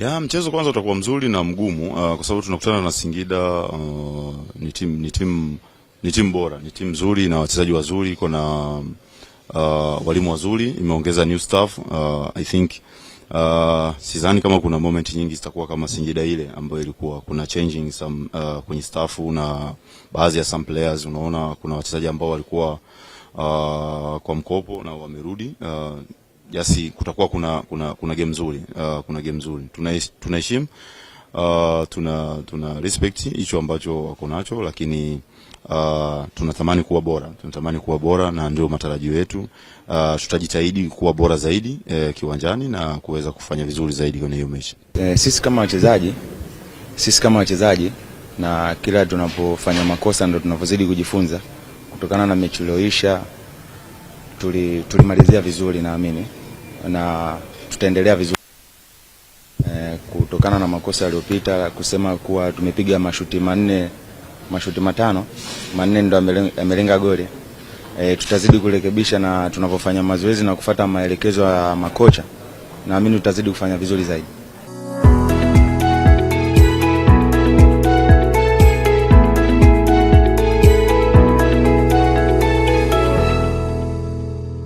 Ya, mchezo kwanza utakuwa mzuri na mgumu uh, kwa sababu tunakutana na Singida uh, ni timu ni timu ni timu bora, ni timu nzuri na wachezaji wazuri, iko na uh, walimu wazuri, imeongeza new staff uh, I think uh, sidhani kama kuna moment nyingi zitakuwa kama Singida ile ambayo ilikuwa kuna changing some uh, kwenye staff na baadhi ya some players, unaona kuna wachezaji ambao walikuwa uh, kwa mkopo na wamerudi uh, yasi kutakuwa kuna, kuna, kuna game nzuri uh, kuna game nzuri tunaheshimu tuna, uh, tuna, tuna respect hicho ambacho wako nacho, lakini uh, tunatamani kuwa bora, tunatamani kuwa bora na ndio matarajio yetu. Uh, tutajitahidi kuwa bora zaidi eh, kiwanjani na kuweza kufanya vizuri zaidi kwenye hiyo mechi eh, sisi kama wachezaji sisi kama wachezaji na kila tunapofanya makosa ndo tunavozidi kujifunza kutokana na mechi iliyoisha. Tulimalizia tuli vizuri naamini na tutaendelea vizuri e, kutokana na makosa yaliyopita, kusema kuwa tumepiga mashuti manne mashuti matano manne ndo amelenga goli e, tutazidi kurekebisha na tunavyofanya mazoezi na kufata maelekezo ya makocha, naamini tutazidi kufanya vizuri zaidi.